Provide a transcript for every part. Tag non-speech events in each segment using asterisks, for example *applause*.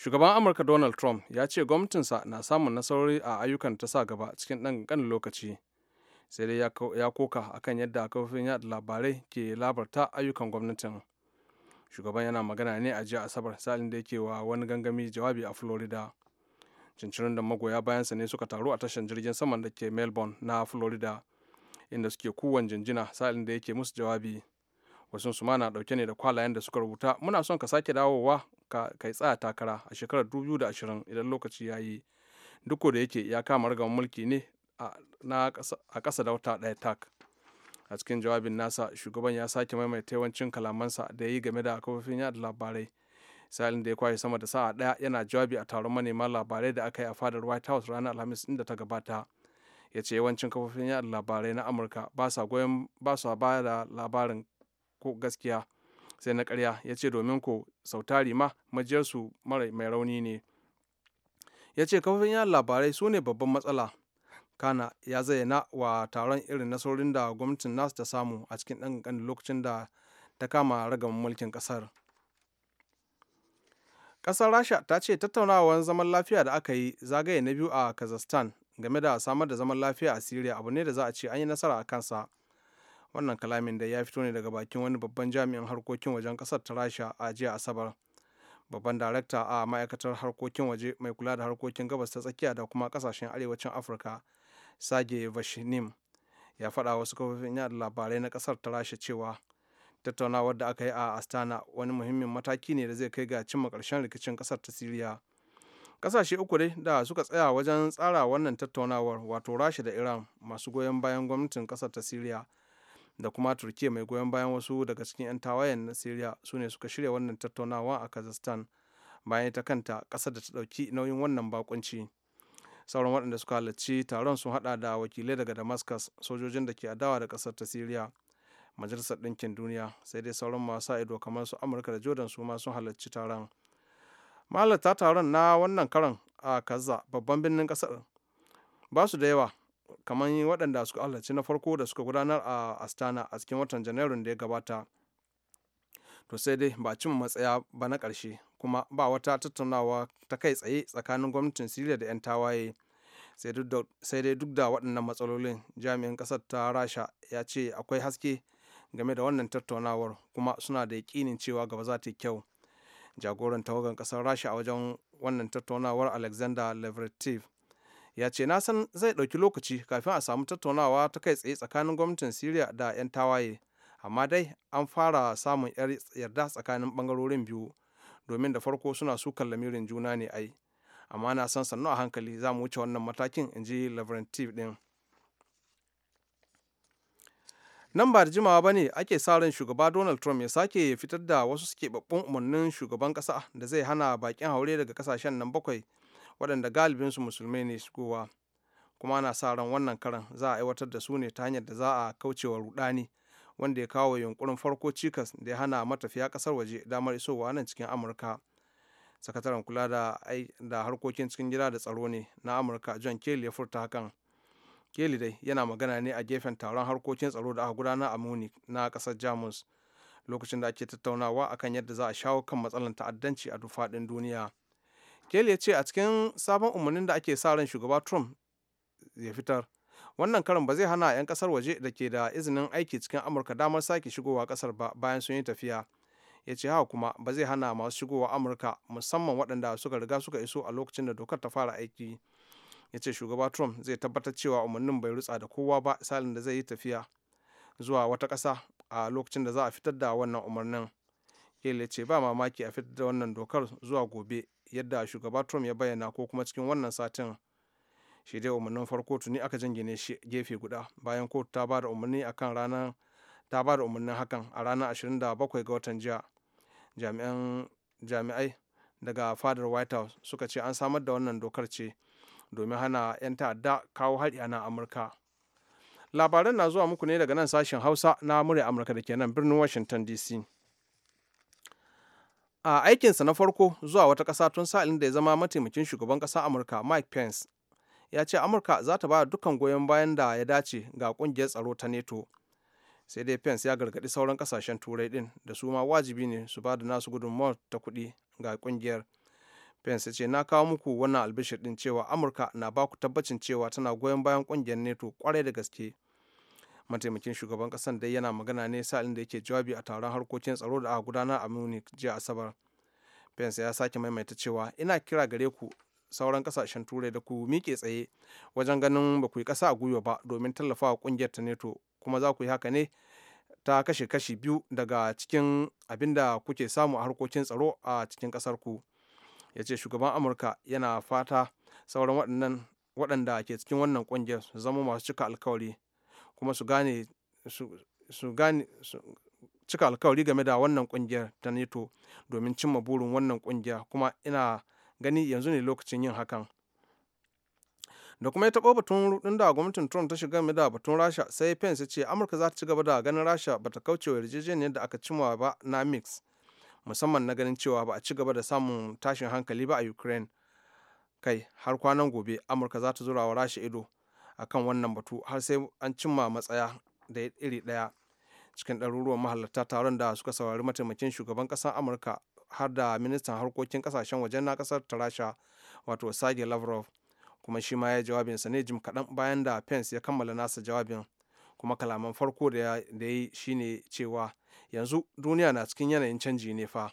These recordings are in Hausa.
shugaban amurka donald trump ya ce gwamnatinsa na samun nasarori a ayyukan ta sa gaba cikin ɗan kan lokaci sai dai ya koka akan yadda kafofin yada labarai ke labarta ayyukan gwamnatin shugaban yana magana ne a jiya asabar salin da yake wa wani gangami jawabi a florida cincirin da magoya bayansa ne suka taru a tashar jirgin saman da ke melbourne na florida inda suke kuwan jinjina salin da yake musu jawabi wasu su na dauke ne da kwalayen da suka rubuta muna son ka sake dawowa kai tsaya takara a shekarar 2020 idan lokaci ya yi duk da yake ya kama rigar mulki ne a ƙasa da wata ɗaya tak a cikin jawabin nasa shugaban ya sake maimaita yawancin kalamansa da ya yi game da kafofin yada labarai salin da ya kwashe sama da sa'a ɗaya yana jawabi a taron manema labarai da aka yi a fadar white house ranar alhamis inda ta gabata ya ce yawancin kafofin yada labarai na amurka ba sa goyon ba sa ba da labarin ko gaskiya sai na karya ya ce domin ko sautari ma majiyarsu mai rauni ne ya ce kafofin yan labarai su ne babban matsala kana ya zayyana wa taron irin nasarorin da gwamnatin nasu ta samu a cikin ɗan lokacin da ta kama ragamin mulkin ƙasar ƙasar rasha ta ce tattaunawar zaman lafiya da aka yi zagaye na biyu a kazakhstan game da samar da zaman lafiya a syria abu ne da za a ce an yi nasara a kansa wannan kalamin da ya fito ne daga bakin wani babban jami'in harkokin wajen kasar ta rasha a jiya asabar babban darakta a ma'aikatar harkokin waje mai kula da harkokin gabas ta tsakiya da kuma kasashen arewacin afirka sage vashinim ya faɗa wasu kafofin yada labarai na kasar ta rasha cewa tattaunawar da aka yi a astana wani muhimmin mataki ne da zai kai ga cimma karshen rikicin kasar ta siriya kasashe uku dai da suka tsaya wajen tsara wannan tattaunawar wato rasha da iran masu goyon bayan gwamnatin kasar ta siriya da kuma turkiya mai goyon bayan wasu daga cikin 'yan tawayen na syria su ne suka shirya wannan tattaunawa a kazakhstan bayan ta kanta ƙasar da ta ɗauki nauyin wannan bakunci sauran waɗanda suka halarci taron sun haɗa da wakilai daga damascus sojojin da ke adawa da ƙasar ta syria majalisar ɗinkin duniya sai dai sauran masu ido kamar su amurka da jordan su ma sun halarci taron mahalarta taron na wannan karan a kaza babban birnin ƙasar ba su da yawa kamar waɗanda suka halarci na farko da suka gudanar a astana a cikin watan janairun da ya gabata to sai dai ba cin matsaya ba na ƙarshe kuma ba wata tattaunawa ta kai tsaye tsakanin gwamnatin siriya da 'yan tawaye sai dai duk da waɗannan matsalolin jami'in ƙasar ta rasha ya ce akwai haske game da wannan tattaunawar kuma suna da yaƙinin cewa gaba za ta yi kyau jagoran tawagan ƙasar rasha a wajen wannan tattaunawar alexander Levertiv ya ce na san zai ɗauki lokaci kafin a samu tattaunawa ta kai tsaye tsakanin gwamnatin syria da 'yan tawaye amma dai an fara samun yarda tsakanin ɓangarorin biyu domin da farko suna sukan lamirin juna ne ai amma na san sannu a hankali za mu wuce wannan matakin in ji lavrentine din nan ba da jimawa ba ne ake sa ran shugaba donald trump ya sake fitar da wasu suke babban umarnin shugaban kasa da zai hana bakin haure daga kasashen nan bakwai waɗanda galibinsu musulmai ne shigowa kuma ana sa ran wannan karan za a aiwatar da su ne ta hanyar da za a kaucewa rudani wanda ya kawo yunkurin farko cikas da ya hana matafiya kasar waje damar isowa nan cikin amurka sakataren kula da harkokin cikin gida da tsaro ne na amurka john kelly ya furta hakan kelly dai yana magana ne a gefen taron harkokin tsaro da aka gudana a munich na kasar jamus lokacin da ake tattaunawa akan yadda za a shawo kan matsalar ta'addanci a dufaɗin duniya Kelly ya ce a cikin sabon umarnin da ake sa ran shugaba Trump ya fitar, wannan karin ba zai hana 'yan kasar waje da ke da izinin aiki cikin Amurka damar sake shigowa kasar ba bayan sun yi tafiya. Ya ce haka kuma ba zai hana masu shigowa Amurka musamman waɗanda suka riga suka iso a lokacin da dokar ta fara aiki. Ya ce shugaba Trump zai tabbatar cewa umarnin bai rutsa da kowa ba salin da zai yi tafiya zuwa wata ƙasa a lokacin da za a fitar da wannan umarnin. Kelly ya ce ba mamaki a fitar da wannan dokar zuwa gobe yadda shugaba trump ya bayyana ko kuma cikin wannan satin shi dai umarnin farko tuni aka jingine shi gefe guda bayan kotu ta ba da umarni akan ranar ta ba da umarnin hakan a ranar 27 ga watan jiya jami'an jami'ai daga fadar white house suka ce an samar da wannan dokar ce domin hana 'yan ta'adda kawo hari a nan amurka labaran na zuwa muku ne daga nan sashen hausa na murya amurka da ke nan birnin washington dc a aikinsa na farko zuwa wata ƙasa tun sa'ilin da ya zama mataimakin shugaban ƙasar amurka mike pence ya ce amurka za ta ba dukkan goyon bayan da ya dace ga ƙungiyar tsaro ta neto sai dai pence ya gargaɗi sauran ƙasashen turai ɗin da su ma wajibi ne su ba da nasu gudunmawar ta kuɗi ga ƙungiyar pence ya ce na kawo muku wannan albishir ɗin cewa amurka na ba ku tabbacin cewa tana goyon bayan ƙungiyar neto kwarai da gaske mataimakin shugaban kasan dai yana magana ne sa'ilin da yake jawabi a taron harkokin tsaro da aka gudana a munich jiya asabar pence ya sake maimaita cewa ina kira gare ku sauran kasashen turai da ku miƙe tsaye wajen ganin ba ku yi ƙasa a gwiwa ba domin tallafawa ƙungiyar ta neto kuma za ku yi haka ne ta kashe kashi biyu daga cikin abin da kuke samu a harkokin tsaro a cikin kasar ku ya ce shugaban amurka yana fata sauran waɗanda ke cikin wannan ƙungiyar su zama masu cika alkawari kuma su gane su gane cika alkawari game da wannan kungiyar ta nato domin cimma burin wannan kungiya kuma ina gani yanzu ne lokacin yin hakan da kuma ya taɓa batun rudin da gwamnatin trump ta shiga game da batun rasha sai pence ce amurka za ta ci gaba da ganin rasha ba ta kauce wa yarjejeniyar da aka cimma ba na mix musamman na ganin cewa ba a ci gaba da samun tashin hankali ba a ukraine kai har kwanan gobe amurka za ta zura wa rasha ido akan wannan batu har sai an cimma matsaya da iri daya cikin ɗaruruwan mahalarta taron da suka saurari mataimakin shugaban ƙasar amurka har da ministan harkokin ƙasashen wajen na ƙasar tarasha wato sage lavrov kuma shi ma ya jawabinsa ne jim kaɗan bayan da pence ya kammala nasa jawabin kuma kalaman farko da ya yi shine cewa yanzu duniya na cikin yanayin canji ne fa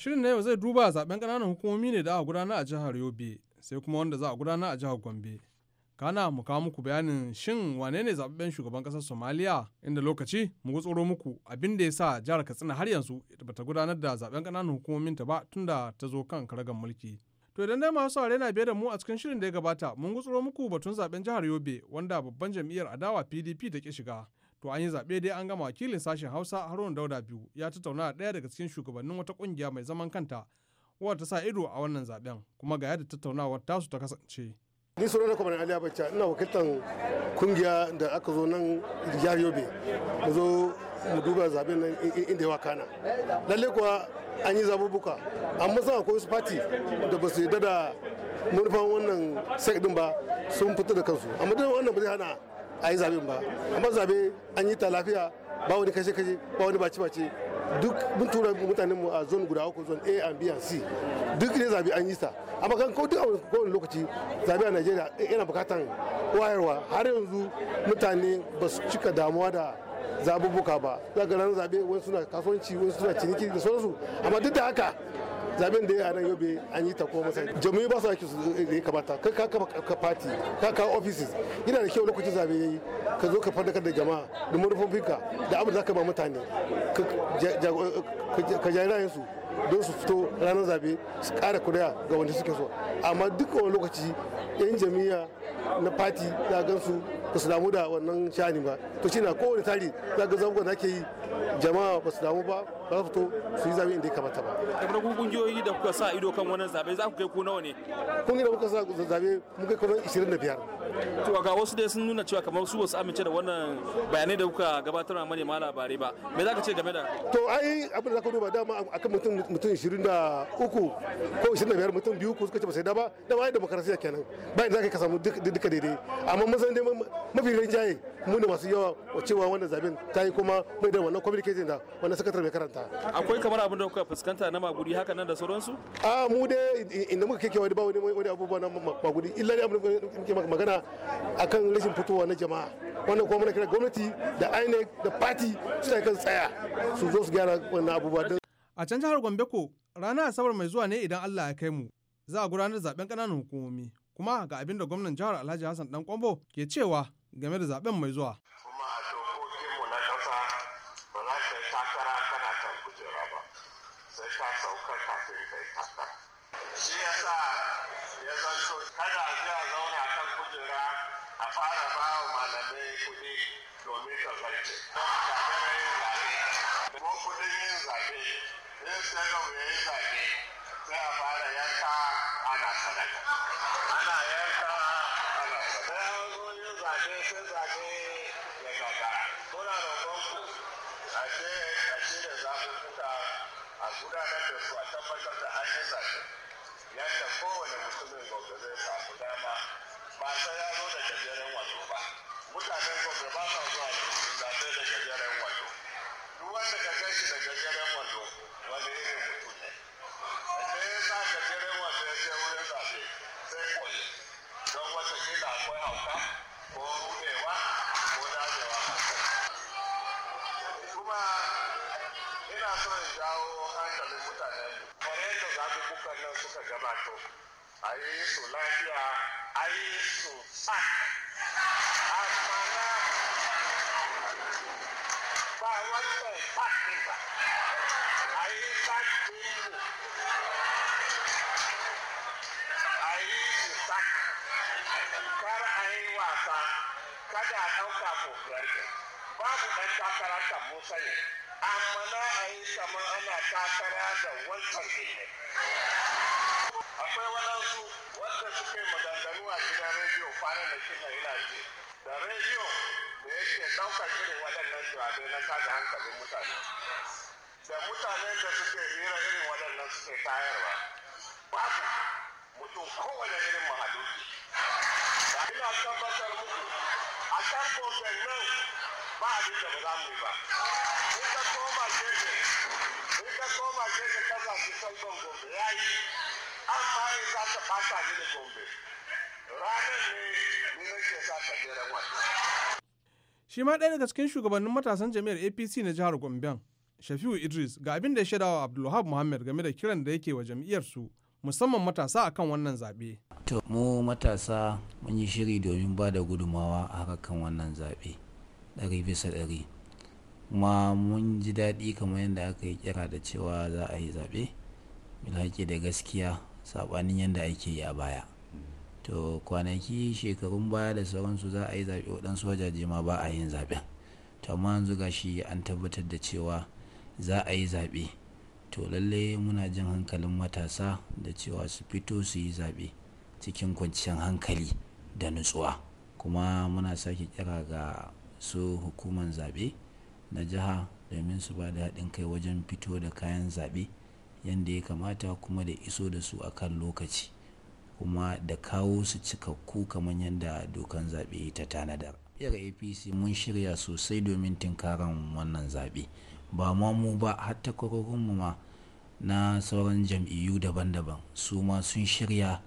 Shirin na yau zai duba zaben ƙananan hukumomi ne da aka gudana a jihar Yobe sai kuma wanda za a gudana a jihar Gombe. Kana mu kawo muku bayanin shin wane ne zaɓen shugaban ƙasar Somaliya inda lokaci mu tsoro muku abin da ya sa jihar Katsina har yanzu bata gudanar da zaɓen ƙananan hukumomin ta ba tunda ta zo kan karagar mulki. To idan dai masu saurare na biye da mu a cikin shirin da ya gabata mun gutsuro muku batun zaɓen jihar Yobe wanda babban jam'iyyar adawa PDP ta ki shiga to an yi zaɓe dai an gama wakilin sashen hausa haruna dauda biyu ya tattauna da ɗaya daga cikin shugabannin wata ƙungiya mai zaman kanta wadda ta sa ido a wannan zaɓen kuma ga yadda tattaunawar tasu ta kasance. ni suna na kwamanin aliyu bacci ina wakiltan kungiya da aka zo nan jihar yobe mu zo mu duba zaɓen nan inda yawa kana lalle kuwa an yi zabubuka amma san akwai wasu fati da ba su yarda da manufan wannan sek ɗin ba sun fito da kansu amma dai wannan ba zai hana a yi zaben ba amma zabe an yi ta lafiya ba wani kashe kashe ba wani bace bace duk mun tura mutanen mu a zone guda uku zone A and B and C duk ne zabe an yi sa amma kan ko duk a kowane lokaci zabe a Najeriya yana bukatan wayarwa har yanzu mutane ba su cika damuwa da zabubuka ba za ranar zabe wani suna kasuwanci wani suna ciniki da sauransu amma duk da haka zaben da ya nan yobe an yi ta ko masa jami'ai ba su ake su da ya kamata ka ka ka party ka ka offices yana da kyau lokacin zabe yayi ka zo ka fadakar da jama'a da manufofinka da abin da ka ba mutane ka jayi su don su fito ranar zabe su kara kuriya ga wanda suke so amma duk wani lokaci yan jami'a na party za gan su ba su damu da wannan shani ba to shi na kowane tari za ga zangon da ake yi jama'a ba su damu ba ba fito su yi zaɓe inda ya kamata ba. kamar kun kungiyoyi da kuka sa ido kan wannan zaɓe za ku kai ku nawa ne. kungiyoyi da kuka sa zaɓe mun kai kamar ishirin da biyar. to ga wasu dai sun nuna cewa kamar su wasu amince da wannan bayanai da kuka gabatar a manema labarai ba me za ka ce game da. to ai abin da za ka duba dama akan mutum mutum ishirin da uku ko ishirin da biyar mutum biyu ko suka ce ba sai da ba da ba ai demokarasiya kenan ba inda za ka samu duka daidai amma mun san dai mafi rinjaye mu ne masu yawa cewa wannan zaɓen ta yi kuma mai da wannan communication da wannan sakatar mai karanta. akwai kamar abin da kuka fuskanta na maguri haka nan da sauransu a mu dai inda muka kike wani ba wani wani abubuwa na maguri illa ne abin da muke magana akan rashin fitowa na jama'a wannan kuma muna kira gwamnati da INEC da party suna kan tsaya su zo su gyara wannan abubuwa a can jihar Gombe ko ranar Asabar mai zuwa ne idan Allah ya kai mu za a gudanar zaben kananan hukumomi kuma ga abin da gwamnan jihar Alhaji Hassan Dan Kwambo ke cewa game da zaben mai zuwa safe a fara yanka ana yanka ana sadaka an zo zaɓe zaɓe ku a a a gudanar da su tabbatar da zaɓe yadda kowane mutumin gwamnati zai samu dama ba sai ya da ba ba sa zuwa zaɓe da wanda ka gashi da gajeren wato wani irin mutum ne su lafiya a yi su kada a ɗauka kokarta babu ɗan takara kan musa ne amma na a yi ana takara da wancan ne akwai waɗansu wanda suka yi maganganu a gidan rediyo kwanan da shi na ina ji da rediyo da yake ɗaukar irin waɗannan jawabai na sada hankalin mutane da mutanen da suke hira irin waɗannan suke tayarwa babu mutum kowane irin mahaluki ba ina tabbatar muku a kan kofin nan ba abin da ba za mu yi ba in ka koma gefe in ka koma gefe ka zaɓi salban gombe ya yi amma in za ta ɓata mini gombe ranar ne ni nake sa gajeren wata shi ma ɗaya daga cikin shugabannin matasan jami'ar apc na jihar gomben shafiu idris ga abin da ya shaidawa abdulwahab muhammad game da kiran da yake wa su musamman matasa akan wannan zaɓe. to mu matasa mun yi shiri domin ba da gudumawa a harkan wannan zaɓe ɗari bisa ɗari kuma mun ji daɗi kamar yadda aka yi kira da cewa za a yi zaɓe bilhaki da gaskiya saɓanin yadda ake yi a baya to kwanaki shekarun baya da sauransu za a yi zaɓe waɗansu wajaje ma ba a yin zaɓen to amma yanzu shi an tabbatar da cewa za a yi zaɓe to lallai muna jin hankalin matasa da cewa su fito su yi zaɓe cikin kwanciyar hankali da nutsuwa kuma muna sake kira ga su hukuman zaɓe na jiha domin su ba da haɗin kai wajen fito da kayan zaɓe yadda ya kamata kuma da iso da su a kan lokaci kuma da kawo su cikakku kamar yadda dokan zaɓe ta tanadar. Yar APC mun shirya sosai domin tinkaran wannan zaɓe. Ba ma mu ba har takwarorinmu ma na sauran jam'iyyu daban-daban su ma sun shirya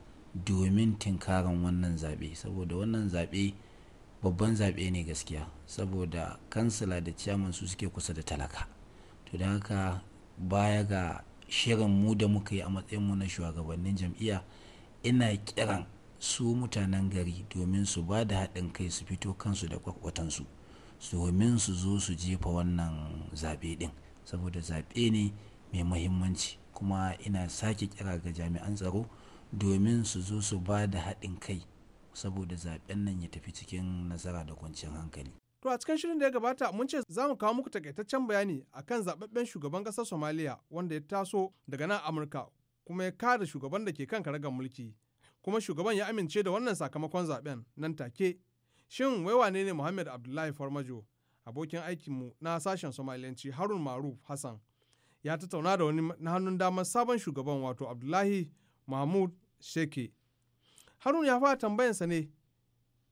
domin tinkaran wannan zaɓe saboda wannan zaɓe babban zaɓe ne gaskiya saboda kansila da ciyaman su suke kusa da talaka to da haka baya ga shirin mu da muka yi a matsayin mu na shugabannin jam'iyya ina kiran su mutanen gari domin su ba da haɗin kai su fito kansu da kwakwatansu domin su zo su jefa wannan zaɓe ɗin saboda zaɓe ne mai mahimmanci kuma ina sake kira ga jami'an tsaro domin su zo su ba da haɗin kai saboda zaɓen nan ya tafi cikin nasara da kwanciyar hankali To a cikin shirin da ya gabata mun ce za mu kawo muku takaitaccen bayani akan zaɓaɓɓen shugaban ƙasar Somaliya wanda ya taso daga nan Amurka kuma ya kada shugaban da ke kan karagar mulki kuma shugaban ya amince da wannan sakamakon zaben nan take shin wai wane ne muhammad abdullahi farmajo abokin aikinmu na sashen somaliyanci harun maruf hassan ya tattauna da wani na hannun damar sabon shugaban wato abdullahi mahmud sheke harun ya fara tambayansa ne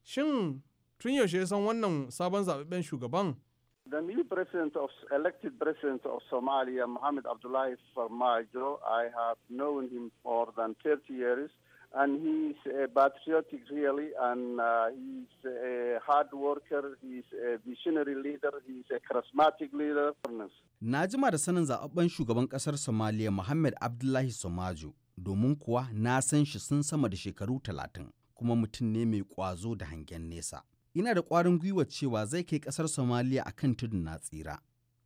shin tun yaushe ya san wannan sabon zababben shugaban The new president of elected president of Somalia, Mohamed Abdullahi Farmajo, I have known him more than 30 years, and he's a patriotic really, and uh, he's a hard worker, he's a visionary leader, he's a charismatic leader. Na jima da sanin zaɓaɓɓen shugaban ƙasar Somalia Mohamed Abdullahi Somajo, domin kuwa na san shi sun sama da shekaru talatin, kuma mutum ne mai ƙwazo da hangen nesa. ina da kwarin gwiwa cewa zai kai ƙasar somaliya a kan tudun na tsira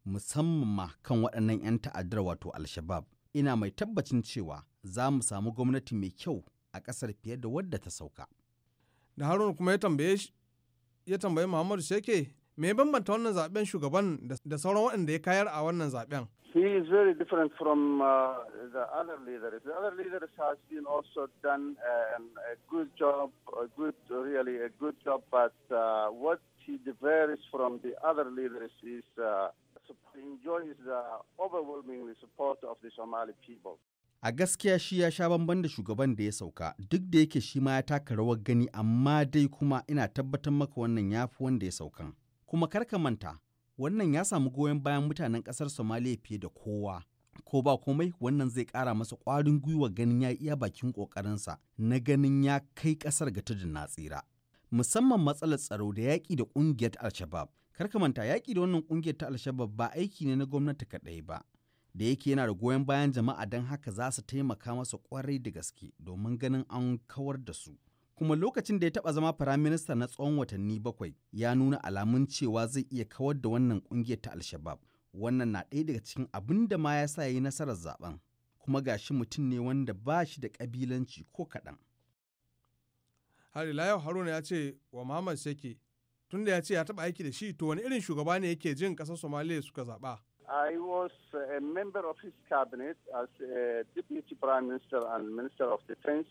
musamman ma kan waɗannan 'yan ta'addar wato alshabab. ina mai tabbacin cewa za mu samu gwamnati mai kyau a ƙasar fiye da wadda ta sauka da haruna kuma ya tambaye ya tambayi muhammadu sheke me bambanta wannan zaben shugaban da sauran waɗanda ya kayar a wannan zaben he is very different from uh, the other leaders. The other leaders has been also done a, um, a good job, a good, really a good job. But uh, what he differs from the other leaders is uh, enjoys the uh, overwhelmingly support of the Somali people. A gaskiya shi ya sha bamban da shugaban da ya sauka duk da yake shi ma ya taka rawar gani amma dai kuma ina tabbatar maka wannan ya fi wanda ya saukan. Kuma karka manta Wannan ya samu goyon bayan mutanen ƙasar Somalia fiye da kowa. Ko ba komai wannan zai ƙara masa kwarin gwiwa ganin ya iya bakin ƙoƙarinsa na ganin ya kai ƙasar ga tudun na tsira. Musamman matsalar tsaro da yaƙi da ƙungiyar al kar ka manta yaƙi da wannan ƙungiyar ta al ba aiki ne na gwamnati kaɗai ba. da yake yana da goyon bayan jama'a don haka za su taimaka masa kwarai da gaske domin ganin an kawar da su. kuma lokacin da ya taɓa zama firaminista na tsawon watanni bakwai ya nuna alamun cewa zai iya kawar da wannan ƙungiyar ta alshabab wannan na ɗaya daga cikin abin da ma ya sa ya yi nasarar zaben kuma ga shi mutum ne wanda ba shi da ƙabilanci ko kaɗan. har ila haruna ya ce wa muhammad seke tunda ya ce ya taɓa aiki da shi to wani irin shugaba ne yake jin ƙasar somaliya suka zaɓa. I was a member of his cabinet as a deputy prime minister and minister of defense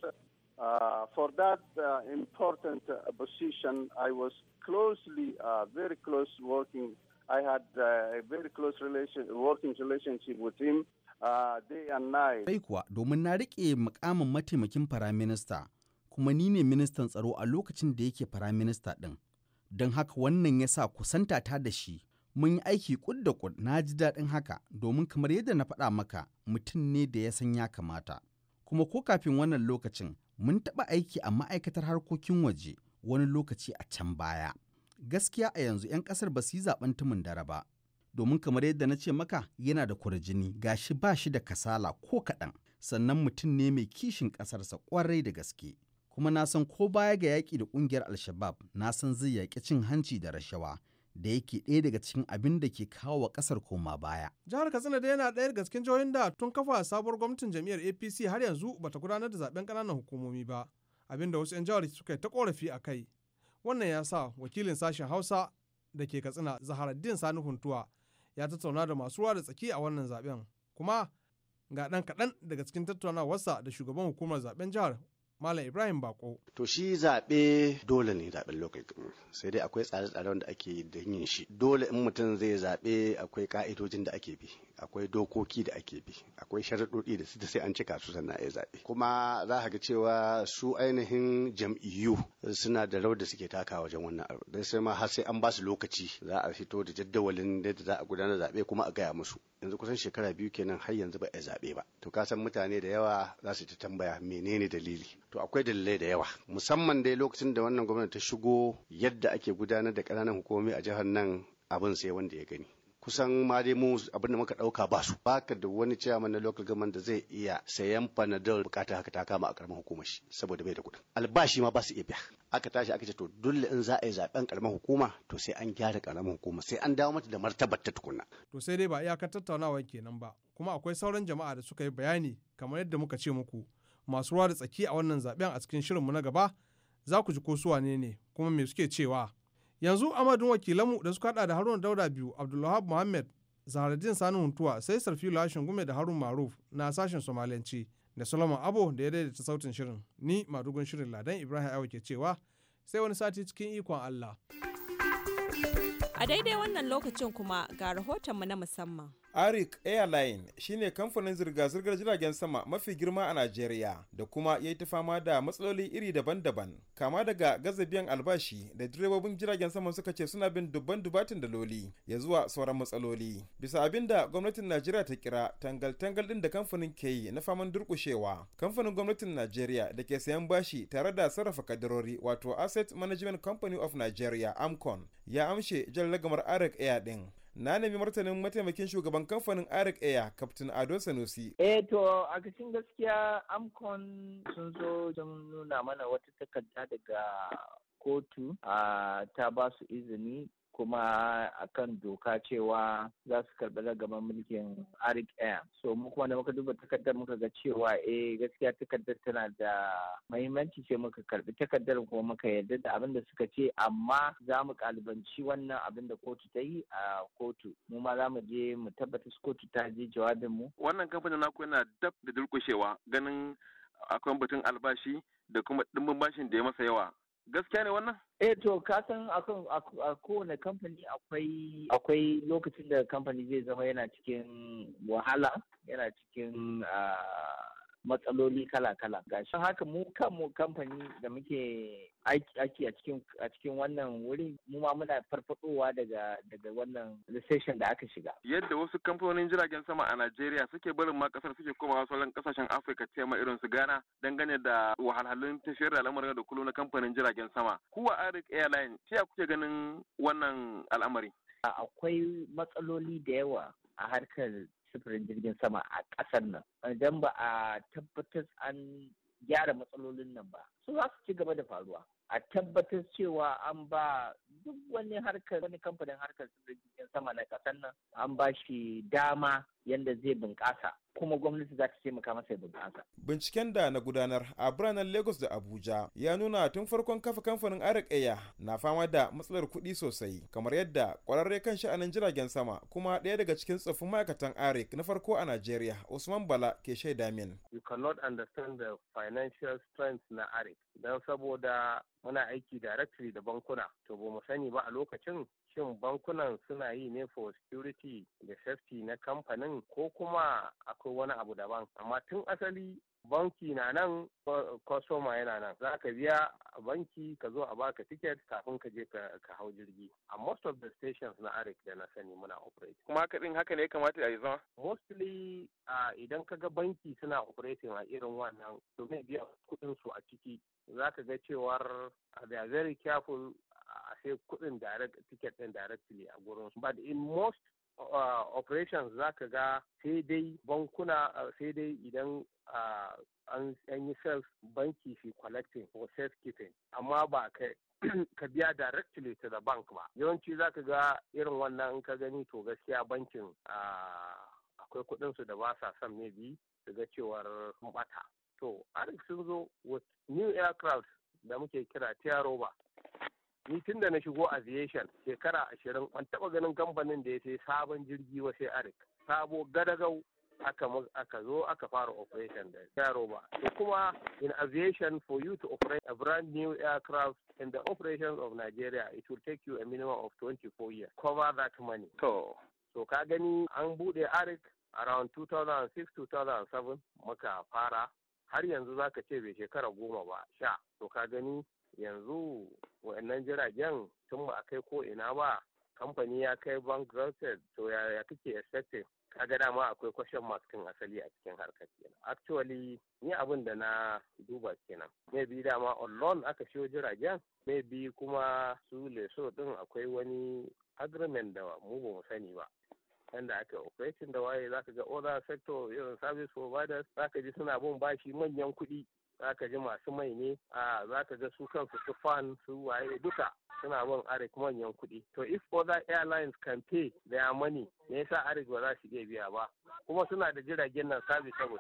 Uh, for that uh, important uh, position, I was closely, very close working. I had a very close relation, working relationship with him day and night. Sai kuwa domin na riƙe mukamin mataimakin firaminista kuma ni ne ministan tsaro a lokacin da yake firaminista ɗin. Don haka wannan ya sa kusanta ta da shi mun yi aiki kud da kud na ji daɗin haka domin kamar yadda na faɗa maka mutum ne da ya san ya kamata. Kuma ko kafin wannan lokacin Mun taɓa aiki a ma'aikatar harkokin waje wani lokaci a can baya. Gaskiya a yanzu 'yan ƙasar ba su yi zaɓen tumun dare ba, domin kamar yadda na ce maka yana da kwarjini gashi ba shi da kasala ko kaɗan, sannan mutum ne mai kishin ƙasarsa ƙwarai da gaske. Kuma na san ko baya ga yaƙi da ƙungiyar Alshabab na san zai yaƙi cin hanci da rashawa da yake ɗaya daga cikin abin da ke kawo wa ƙasar koma baya. Jihar Katsina da yana ɗaya daga cikin jihohin da tun kafa sabuwar gwamnatin jam'iyyar APC har yanzu bata gudanar da zaben ƙananan hukumomi ba, abin da wasu 'yan jihar suka ta ƙorafi a kai. Wannan ya sa wakilin sashen Hausa da ke Katsina Zaharaddin Sani Huntuwa ya tattauna da masu ruwa da tsaki a wannan zaben. Kuma ga ɗan kaɗan daga cikin tattaunawarsa da shugaban hukumar zaben jihar Malam Ibrahim Bako. To shi zaɓe dole ne zaɓen local sai dai akwai tsare-tsaren da ake da yin shi. Dole in mutum zai zaɓe akwai ka'idojin da ake bi, akwai dokoki da ake bi, akwai sharaɗoɗi da su sai an cika su sannan ya zaɓe. Kuma za ka ga cewa su ainihin jam'iyyu suna da rawar da suke taka wajen wannan abu. Dan sai ma har sai an ba su lokaci za a fito da jadawalin da za a gudanar zaɓe kuma a gaya musu. yanzu kusan shekara biyu kenan har yanzu ba a zaɓe ba to ka san mutane da yawa za su ta tambaya menene dalili to akwai dalilai da yawa musamman dai lokacin da wannan gwamnati ta shigo yadda ake gudanar da ƙananan hukumomi a jihar nan abin sai wanda ya gani kusan ma dai mu abin da muka dauka ba su baka da wani chairman na local government da zai iya sayan panadol bukata haka ta kama a karamar hukumar shi saboda bai da kuɗin albashi ma ba su iya biya aka tashi aka ce to dole in za a yi zaben karamar hukuma to sai an gyara karamar hukuma sai an dawo mata da martabar ta tukunna to sai dai ba iyakar tattaunawa kenan ba kuma akwai sauran jama'a da suka yi bayani kamar yadda muka ce muku masu ruwa da tsaki a wannan zaben a cikin shirinmu na gaba za ku ji ko su ne kuma me suke cewa yanzu amadun wakilanmu da suka hada da haruna dauda biyu abdullahab muhammad zaharaddin sani huntuwa sai sarfi lashin gume da harun maruf na sashen somaliyanci da solomon abo da ya daidaita sautin shirin ni madugun shirin ladan ibrahim awa ke cewa sai wani sati cikin ikon allah a daidai wannan lokacin kuma ga rahoton rahotonmu na musamman arik airline shine kamfanin zirga-zirgar jiragen sama mafi girma a najeriya da kuma ya yi ta fama da matsaloli iri daban-daban kama daga gaza biyan albashi da direbobin jiragen sama suka ce suna bin dubban dubatin daloli ya zuwa sauran matsaloli bisa abin da gwamnatin najeriya ta kira tangal-tangal din da kamfanin ke yi na faman durkushewa kamfanin gwamnatin najeriya da ke sayan bashi tare da sarrafa kadarori wato asset management company of nigeria amcon ya amshe jan lagamar arik air din na nemi martanin mataimakin shugaban kamfanin arik air kaftin ado sanusi eh to a cikin gaskiya amcon sun zo sun nuna mana wata takarda daga kotu ah, ta ba su izini kuma akan doka cewa za su karɓi ragaban mulkin arik air so mu kuma da muka duba takardar muka ga cewa eh gaskiya takardar tana da mahimmanci sai muka karɓi takardar kuma muka yarda da abin da suka ce amma za mu kalibanci wannan abin da kotu ta yi a kotu mu ma za mu je mu tabbatar kotu ta je jawabin mu wannan kamfanin naku yana dab da durƙushewa ganin akwai batun albashi da kuma dimbin bashin da ya masa yawa gaskiya ne wannan eh to ka san a kowane kamfani akwai lokacin da kamfani zai zama yana cikin wahala yana cikin uh, matsaloli kala-kala gashin haka mu kanmu kamfani da muke aiki a cikin a cikin wannan wuri mu ma muna farfadowa daga daga wannan recession da aka shiga yadda wasu kamfanonin jiragen sama a Najeriya suke barin ma kasar suke komawa sauran kasashen Afirka ta yamma irin su Ghana dangane da wahalhalun tafiyar da al'amarin da kullum na kamfanin jiragen sama kuwa Arik Airline ta kuke ganin wannan al'amari akwai matsaloli da yawa a harkar sufurin jirgin sama a ƙasar nan idan ba a tabbatar an gyara matsalolin nan ba su za su ci gaba da faruwa a tabbatar cewa an ba duk wani harkar wani kamfanin harkar sufurin jirgin sama na ƙasar nan an ba shi dama yadda zai bunƙasa kuma gwamnati za ta taimaka masa ya Binciken da na gudanar a biranen Lagos da Abuja ya nuna tun farkon kafa kamfanin arik Eya na fama da matsalar kuɗi sosai kamar yadda kwararre kan sha'anin jiragen sama kuma ɗaya daga cikin tsoffin ma'aikatan Arik na farko a Najeriya Usman Bala ke shaida min. You cannot understand the financial strength na Arik don saboda muna aiki directly da bankuna to ba mu sani ba a lokacin shin bankunan suna yi ne for security da safety na kamfanin ko kuma akwai wani abu daban amma tun asali banki na nan kwasoma yana nan za ka biya a banki ka zo a baka tiket kafin ka je ka hau jirgi a most of the stations na arik da na sani muna operate kuma haka din haka ne ya kamata ya zama mostly idan ka ga banki suna operating a irin wannan domin biya kudin su a ciki za ka ga cewar they are very careful sai kuɗin direct ticket ɗin directly a gurin su but in most uh, operations za ka ga sai dai bankuna uh, sai dai idan uh, an yi sales banki fi collecting or safekeeping amma ba kai *clears throat* ka biya directly to the bank ba yawanci za ka ga irin wannan in ka gani to gaskiya bankin uh, akwai kudin su da ba sa son ne bi su ga cewar bata to arik sun zo with new aircraft da muke kira ba. ni tun da na shigo aviation shekara ashirin an taba ganin kamfanin da ya sai sabon jirgi wa sai arik sabo gadagau aka aka zo aka fara operation da yaro ba to kuma in aviation for you to operate a brand new aircraft in the operations of Nigeria it will take you a minimum of 24 years cover that money to so ka gani an bude arik around 2006 2007 muka fara har yanzu zaka ce bai shekara goma ba sha to ka gani yanzu wa'annan jiragen tun ba a kai ko ina ba kamfani ya kai bankrupted to ya kake expecting kaga dama akwai question mark tun asali a cikin harkar kenan actually ni abin da na duba kenan maybe dama on loan aka shiyo jiragen maybe kuma su leso din akwai wani agreement da mu ba mu sani ba da aka operating da waye zaka ga other sector irin service providers zaka ji suna bin bashi manyan kuɗi za ka ji masu mai ne a za ka ga su kansu su fan su waye duka suna bin arik manyan kuɗi to if other airlines can pay their money me yasa arik ba za su iya biya ba kuma suna da jiragen nan serviceable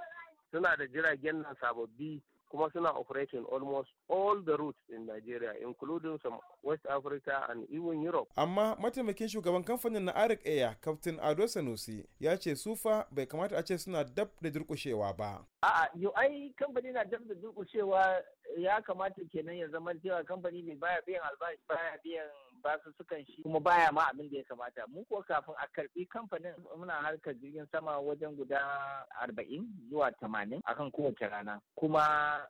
suna da jiragen nan sababbi kuma suna operating almost all the routes in Nigeria including some West Africa and even Europe. Amma mataimakin shugaban kamfanin na Arik Air, Captain Ado Sanusi, ya ce sufa bai kamata a ce suna dab da durkushewa ba. A'a, yau ai kamfani na dab da durkushewa ya kamata kenan ya zama cewa kamfani mai baya biyan albashi baya biyan Ba su sukan shi kuma baya ma abin da ya kamata mu ko kafin a karbi kamfanin muna harkar jirgin sama wajen guda arba'in zuwa tamanin akan kowace rana kuma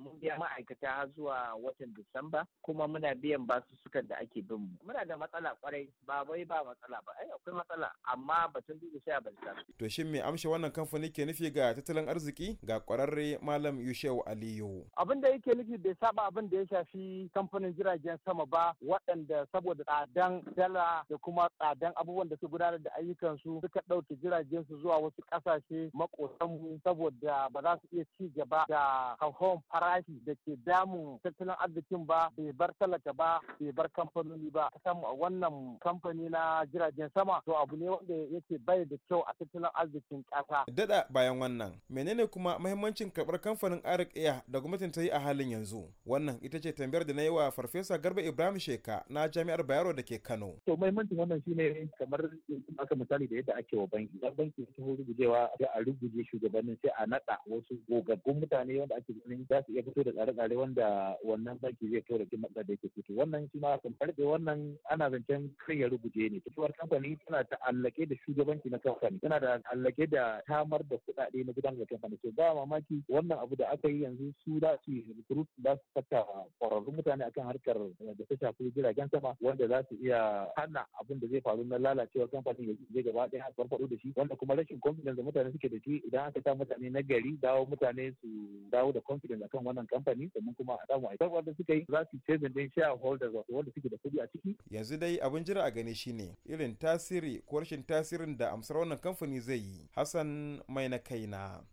mun biya ma'aikata zuwa watan Disamba kuma muna biyan basu basussukan da ake bin mu. Muna da matsala kwarai ba bai ba matsala ba ai akwai matsala amma batun dubu a ban To shin me amshe wannan kamfani ke nufi ga tattalin arziki ga kwararre Malam Yushew Aliyu. Abin da yake nufi bai saba abin da ya shafi kamfanin jiragen sama ba waɗanda saboda tsadan dala da kuma tsadan abubuwan da su gudanar da ayyukan su suka ɗauke jiragen su zuwa wasu ƙasashe maƙotanmu saboda ba za su iya ci gaba da hauhawar yawan farashi da ke damun tattalin arzikin ba bai bar talaka ba bai bar kamfanoni ba a wannan kamfani na jiragen sama to abu ne wanda yake bai da kyau a tattalin arzikin ƙasa. Dada bayan wannan menene kuma mahimmancin karɓar kamfanin Arik Air da gwamnatin ta yi a halin yanzu wannan ita ce tambayar da na yi wa Farfesa Garba Ibrahim Sheka na Jami'ar Bayero da ke Kano. To mahimmancin wannan shine kamar aka misali da yadda ake wa banki idan banki ta rugujewa sai a ruguje shugabannin sai a naɗa wasu gogaggun mutane wanda ake ganin za su iya fito da tsare-tsare wanda wannan banki zai fito da cikin matsalar da yake fito wannan shi ma kan da wannan ana zancen kai ya ruguje ne fitowar kamfani tana ta allake da shugabanci na kamfani tana da allake da tamar da kuɗaɗe na gudanar da kamfani so ba mamaki wannan abu da aka yi yanzu su za su yi rubutu za su saka ƙwararrun mutane akan harkar da ta shafi jiragen sama wanda za su iya hana abin da zai faru na lalacewar kamfani ya je gaba ɗaya a farfaɗo da shi wanda kuma rashin confidence da mutane suke da shi idan aka sa mutane na gari dawo mutane su dawo da confidence a kan wannan kamfani domin kuma a a aikar wanda suka yi za su da din shareholders wato wanda suke da kuɗi a ciki. Yanzu dai abin jira a gani ne. irin tasiri ko rashin tasirin da amsar wannan kamfani zai yi. Hassan mai na kaina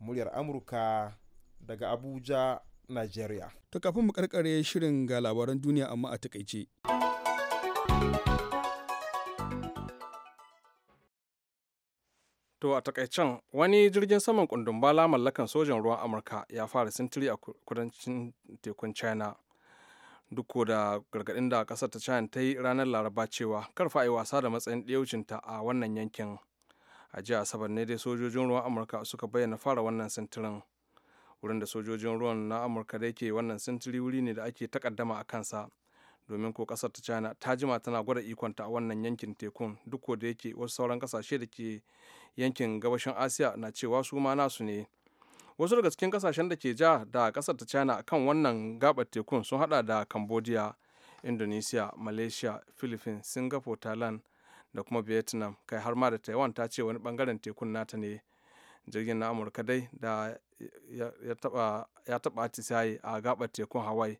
muryar Amurka daga Abuja, Nigeria. To kafin mu karkare shirin ga labaran duniya amma a takaice. To a takaicen wani jirgin saman bala mallakan sojan ruwan Amurka ya fara sintiri a kudancin tekun China. Duk da gargaɗin da ƙasar ta China ta yi ranar Laraba cewa karfa yi wasa da matsayin ta a wannan yankin. A jiya Asabar ne dai sojojin ruwan Amurka suka bayyana fara wannan sintirin. Wurin da sojojin ruwan na Amurka da yake wannan sintiri wuri ne da ake takaddama a kansa. domin ko kasar ta china ta jima tana gwada ikonta a wannan yankin tekun duk da yake wasu sauran kasashe da ke yankin gabashin asiya na cewa su ma nasu ne wasu daga cikin kasashen da ke ja da kasar ta china kan wannan gabar tekun sun hada da cambodia indonesia malaysia philippines singapore thailand da kuma vietnam kai har ma da taiwan ta ce wani bangaren tekun nata ne jirgin na amurka dai da ya taba atisaye a gabar tekun hawaii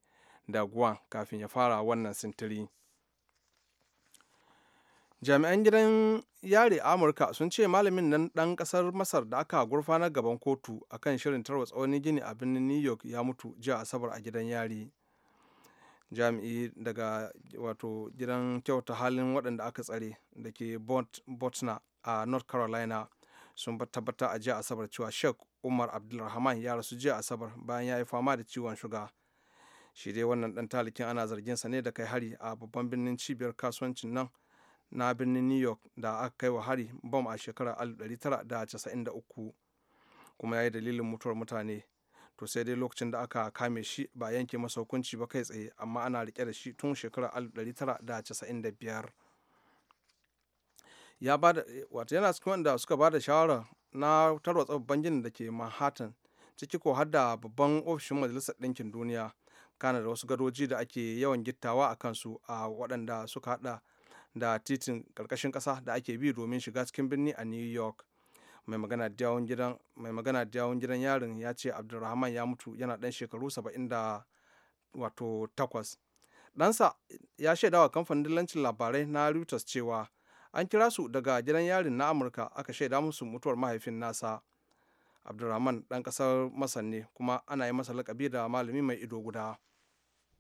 da kafin ya fara wannan sintiri jami'an gidan yare amurka sun ce malamin nan ɗan ƙasar masar da aka gurfanar gaban kotu akan shirin tarwa wani gini a birnin new york ya mutu jiya asabar a gidan yari jami'i daga wato gidan kyauta halin waɗanda aka tsare da ke botna a north carolina sun tabbata a jiya asabar cewa sheikh umar abdulrahman ya rasu jiya asabar bayan ya yi fama da ciwon shuga shi dai wannan dan talikin ana zargin sa ne da kai hari a babban birnin cibiyar kasuwancin nan na birnin new york da aka kai wa hari bom a shekarar 1993 kuma ya yi dalilin mutuwar mutane to sai dai lokacin da aka kame shi ba yanke masa hukunci ba kai tsaye amma ana rike da shi tun shekarar 1995 ya da yana cikin wanda suka ba da shawarar na tarwatsa babban ginin da ke manhattan ciki ko har babban ofishin majalisar ɗinkin duniya kana da wasu gadoji da ake yawan gittawa a kansu a waɗanda suka haɗa da titin ƙarƙashin ƙasa da ake bi domin shiga cikin birni a new york mai magana da gidan yarin ya ce abdulrahman ya mutu yana ɗan shekaru saba'in da wato takwas ɗansa ya shaida wa kamfanin dillancin labarai na reuters cewa an kira su daga gidan yarin na amurka aka shaida musu mutuwar mahaifin nasa abdulrahman ɗan ƙasar masar ne kuma ana yi masa lakabi da malami mai ido guda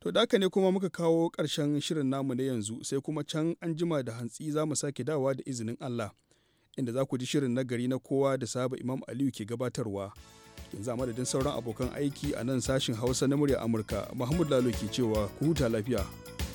to daka ne kuma muka kawo karshen shirin namu na yanzu sai kuma can an jima da hantsi za mu sake dawa da izinin allah inda za ku ji shirin na gari na kowa da saba imam aliyu ke gabatarwa yanzu a madadin sauran abokan aiki a nan sashin hausa na murya amurka mahmud lalo ke cewa ku huta lafiya